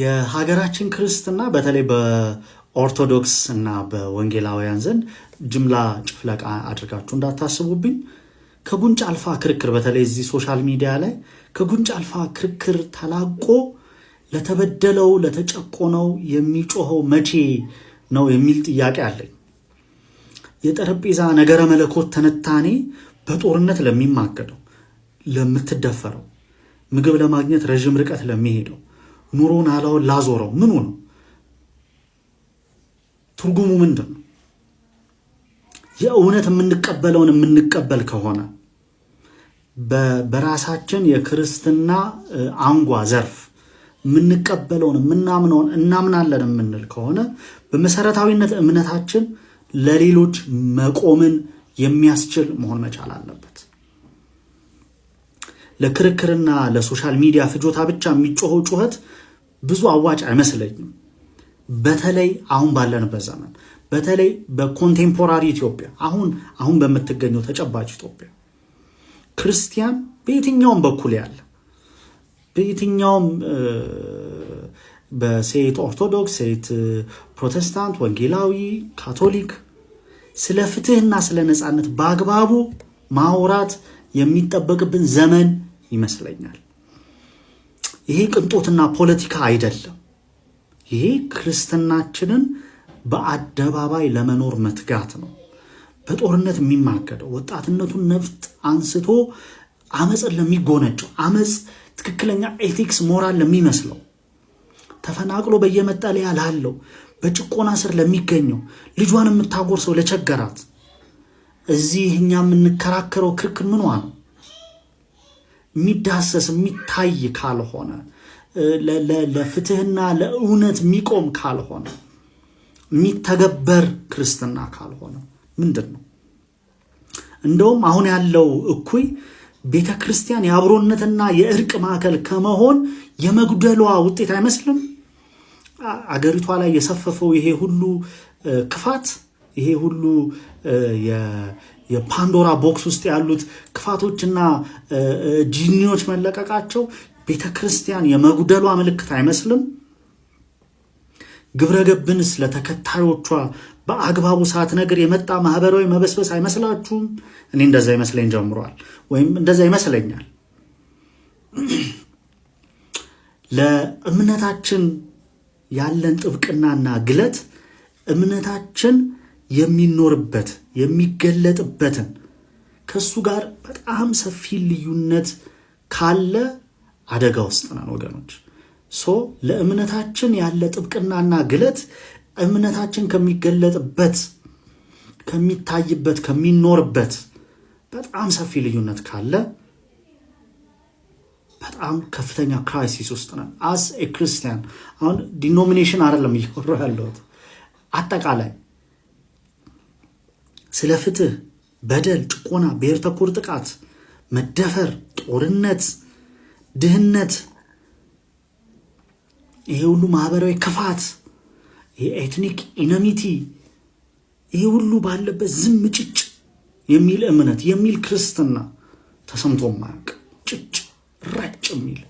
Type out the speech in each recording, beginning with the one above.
የሀገራችን ክርስትና በተለይ በኦርቶዶክስ እና በወንጌላውያን ዘንድ ጅምላ ጭፍለቃ አድርጋችሁ እንዳታስቡብኝ። ከጉንጭ አልፋ ክርክር በተለይ እዚህ ሶሻል ሚዲያ ላይ ከጉንጭ አልፋ ክርክር ተላቆ ለተበደለው ለተጨቆነው የሚጮኸው መቼ ነው የሚል ጥያቄ አለኝ። የጠረጴዛ ነገረ መለኮት ትንታኔ በጦርነት ለሚማገደው፣ ለምትደፈረው፣ ምግብ ለማግኘት ረዥም ርቀት ለሚሄደው ኑሮን አላውን ላዞረው ምኑ ነው ትርጉሙ ምንድን ነው? የእውነት የምንቀበለውን የምንቀበል ከሆነ በራሳችን የክርስትና አንጓ ዘርፍ የምንቀበለውን የምናምነውን እናምናለን የምንል ከሆነ በመሰረታዊነት እምነታችን ለሌሎች መቆምን የሚያስችል መሆን መቻል አለበት። ለክርክርና ለሶሻል ሚዲያ ፍጆታ ብቻ የሚጮኸው ጩኸት ብዙ አዋጭ አይመስለኝም። በተለይ አሁን ባለንበት ዘመን በተለይ በኮንቴምፖራሪ ኢትዮጵያ አሁን አሁን በምትገኘው ተጨባጭ ኢትዮጵያ ክርስቲያን በየትኛውም በኩል ያለ በየትኛውም በሴት ኦርቶዶክስ፣ ሴት ፕሮቴስታንት፣ ወንጌላዊ፣ ካቶሊክ ስለ ፍትህና ስለ ነፃነት በአግባቡ ማውራት የሚጠበቅብን ዘመን ይመስለኛል። ይሄ ቅንጦትና ፖለቲካ አይደለም። ይሄ ክርስትናችንን በአደባባይ ለመኖር መትጋት ነው። በጦርነት የሚማገደው ወጣትነቱን ነፍጥ አንስቶ አመፅን ለሚጎነጨው አመፅ ትክክለኛ ኤቲክስ ሞራል ለሚመስለው ተፈናቅሎ በየመጠለያ ላለው በጭቆና ስር ለሚገኘው ልጇን የምታጎርሰው ለቸገራት እዚህ እኛ የምንከራከረው ክርክር ምኗ ነው? የሚዳሰስ የሚታይ ካልሆነ ለፍትህና ለእውነት የሚቆም ካልሆነ የሚተገበር ክርስትና ካልሆነ ምንድን ነው? እንደውም አሁን ያለው እኩይ ቤተ ክርስቲያን የአብሮነትና የእርቅ ማዕከል ከመሆን የመጉደሏ ውጤት አይመስልም? አገሪቷ ላይ የሰፈፈው ይሄ ሁሉ ክፋት ይሄ ሁሉ የፓንዶራ ቦክስ ውስጥ ያሉት ክፋቶችና ጂኒዎች መለቀቃቸው ቤተ ክርስቲያን የመጉደሏ ምልክት አይመስልም? ግብረ ገብንስ ለተከታዮቿ በአግባቡ ነገር የመጣ ማህበራዊ መበስበስ አይመስላችሁም? እኔ እንደዛ ይመስለኝ ጀምሯል፣ ወይም እንደዛ ይመስለኛል። ለእምነታችን ያለን ጥብቅናና ግለት እምነታችን የሚኖርበት የሚገለጥበትን ከእሱ ጋር በጣም ሰፊ ልዩነት ካለ አደጋ ውስጥ ነን ወገኖች። ሶ ለእምነታችን ያለ ጥብቅናና ግለት እምነታችን ከሚገለጥበት ከሚታይበት ከሚኖርበት በጣም ሰፊ ልዩነት ካለ በጣም ከፍተኛ ክራይሲስ ውስጥ ነን አስ ኤ ክርስቲያን። አሁን ዲኖሚኔሽን አይደለም እያወራሁ ያለሁት አጠቃላይ ስለ ፍትህ፣ በደል፣ ጭቆና፣ ብሔር ተኮር ጥቃት፣ መደፈር፣ ጦርነት፣ ድህነት፣ ይሄ ሁሉ ማህበራዊ ክፋት፣ የኤትኒክ ኢነሚቲ ይሄ ሁሉ ባለበት ዝም ጭጭ የሚል እምነት የሚል ክርስትና ተሰምቶ ማያውቅ ጭጭ ረጭ የሚል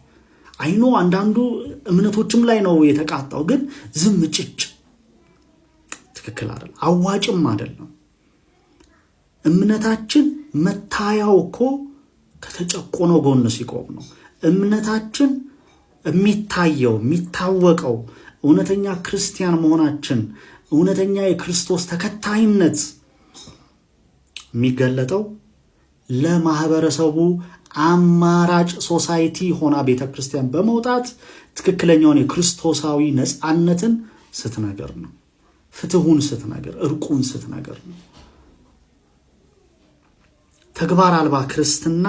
አይኖ አንዳንዱ እምነቶችም ላይ ነው የተቃጣው፣ ግን ዝም ጭጭ ትክክል አይደለም፣ አዋጭም አይደለም። እምነታችን መታያው እኮ ከተጨቆነው ጎን ሲቆም ነው። እምነታችን የሚታየው የሚታወቀው እውነተኛ ክርስቲያን መሆናችን እውነተኛ የክርስቶስ ተከታይነት የሚገለጠው ለማህበረሰቡ አማራጭ ሶሳይቲ ሆና ቤተ ክርስቲያን በመውጣት ትክክለኛውን የክርስቶሳዊ ነፃነትን ስትነገር ነው። ፍትሁን ስትነገር፣ እርቁን ስትነገር ነው። ተግባር አልባ ክርስትና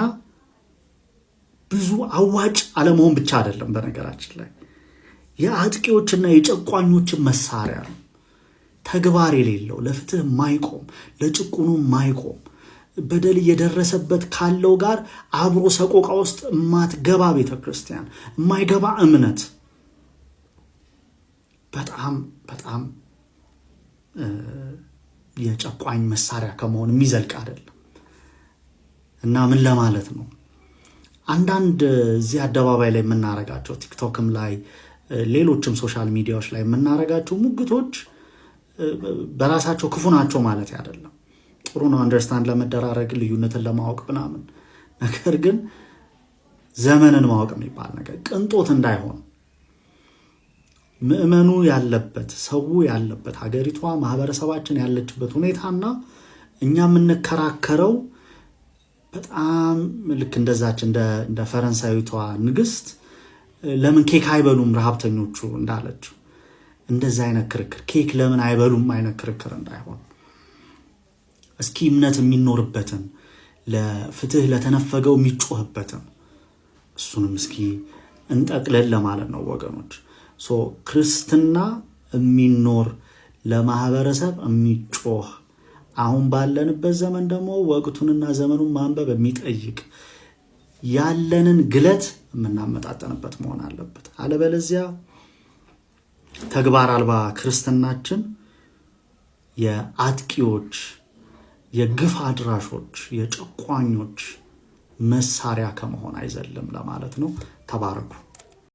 ብዙ አዋጭ አለመሆን ብቻ አይደለም። በነገራችን ላይ የአጥቂዎችና የጨቋኞችን መሳሪያ ነው። ተግባር የሌለው ለፍትህ ማይቆም ለጭቁኑ ማይቆም በደል እየደረሰበት ካለው ጋር አብሮ ሰቆቃ ውስጥ የማትገባ ቤተ ክርስቲያን የማይገባ እምነት በጣም በጣም የጨቋኝ መሳሪያ ከመሆን የሚዘልቅ አይደለም። እና ምን ለማለት ነው አንዳንድ እዚህ አደባባይ ላይ የምናረጋቸው ቲክቶክም ላይ ሌሎችም ሶሻል ሚዲያዎች ላይ የምናረጋቸው ሙግቶች በራሳቸው ክፉ ናቸው ማለት አይደለም። ጥሩ ነው አንደርስታንድ ለመደራረግ ልዩነትን ለማወቅ ምናምን። ነገር ግን ዘመንን ማወቅ የሚባል ነገር ቅንጦት እንዳይሆን ምዕመኑ ያለበት ሰው ያለበት ሀገሪቷ ማህበረሰባችን ያለችበት ሁኔታና እኛ የምንከራከረው በጣም ልክ እንደዛች እንደ ፈረንሳዊቷ ንግስት ለምን ኬክ አይበሉም ረሃብተኞቹ እንዳለችው እንደዛ አይነት ክርክር ኬክ ለምን አይበሉም አይነት ክርክር እንዳይሆን እስኪ እምነት የሚኖርበትን ለፍትህ ለተነፈገው የሚጮህበትን እሱንም እስኪ እንጠቅለን ለማለት ነው ወገኖች። ክርስትና የሚኖር ለማህበረሰብ የሚጮህ አሁን ባለንበት ዘመን ደግሞ ወቅቱንና ዘመኑን ማንበብ የሚጠይቅ ያለንን ግለት የምናመጣጠንበት መሆን አለበት። አለበለዚያ ተግባር አልባ ክርስትናችን የአጥቂዎች፣ የግፍ አድራሾች፣ የጨቋኞች መሳሪያ ከመሆን አይዘልም ለማለት ነው። ተባረኩ።